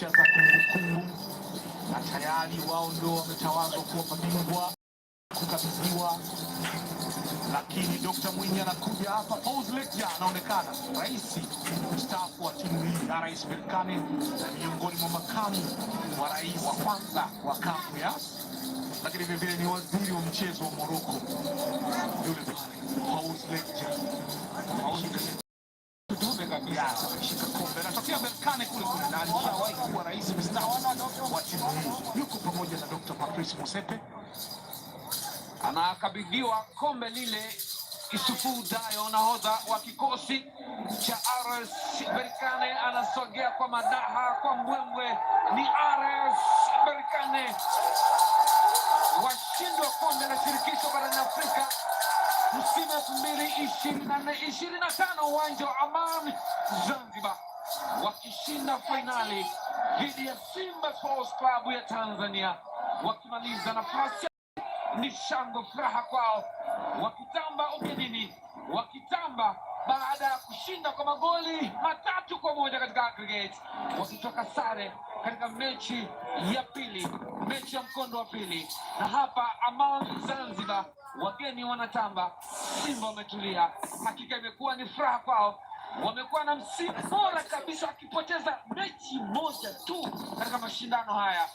picha za kumbukumbu, na tayari wao ndio wametawazwa kuwa mabingwa kukabidhiwa. Lakini Dr. Mwinyi anakuja hapa, Paul anaonekana rais mstaafu wa timu hii na Rais Berkane na miongoni mwa makamu wa rais wa kwanza wa kafu ya lakini vilevile ni waziri wa mchezo wa Moroko yule pale Paul Berkane kule kule, na alishawahi kuwa rais mstaafu wa timu hii, yuko pamoja na Dr. Patrice Motsepe, anakabidhiwa kombe lile Isufu Dayo, nahodha wa kikosi cha RS Berkane, anasogea kwa madaha, kwa mbwembwe. Ni RS Berkane washindi wa kombe la shirikisho barani Afrika msimu elfu mbili ishirini na nne ishirini na tano uwanja wa Amani Zanzibar wakishinda fainali dhidi ya Simba Sports Club ya Tanzania, wakimaliza nafasi. Ni shangwe furaha kwao, wakitamba ugenini, wakitamba baada ya kushinda kwa magoli matatu kwa moja katika aggregate, wakitoka sare katika mechi ya pili, mechi ya mkondo wa pili. Na hapa Aman Zanzibar, wageni wanatamba, Simba wametulia. Hakika imekuwa ni furaha kwao wamekuwa na msimu bora kabisa, wakipoteza mechi moja tu katika mashindano haya.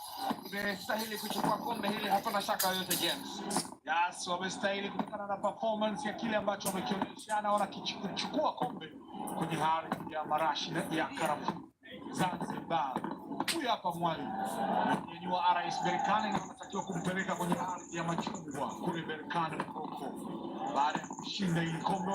Wamestahili kuchukua kombe hili, hakuna shaka yoyote James. Yes, wamestahili kutokana na performance ya kile ambacho wamekionyeshana, wanakichukua kombe kwenye ardhi ya marashi ya Karafu Zanzibar. Huyu hapa mwalimu mwenyeji wa RS Berkane na anatakiwa kumpeleka kwenye ardhi ya machungwa kule Berkane Koko baada ya kushinda ili kombe